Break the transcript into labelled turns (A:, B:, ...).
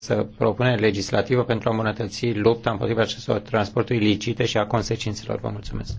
A: Să propune legislativă pentru a îmbunătăți lupta împotriva acestor transporturi ilicite și a consecințelor. Vă mulțumesc!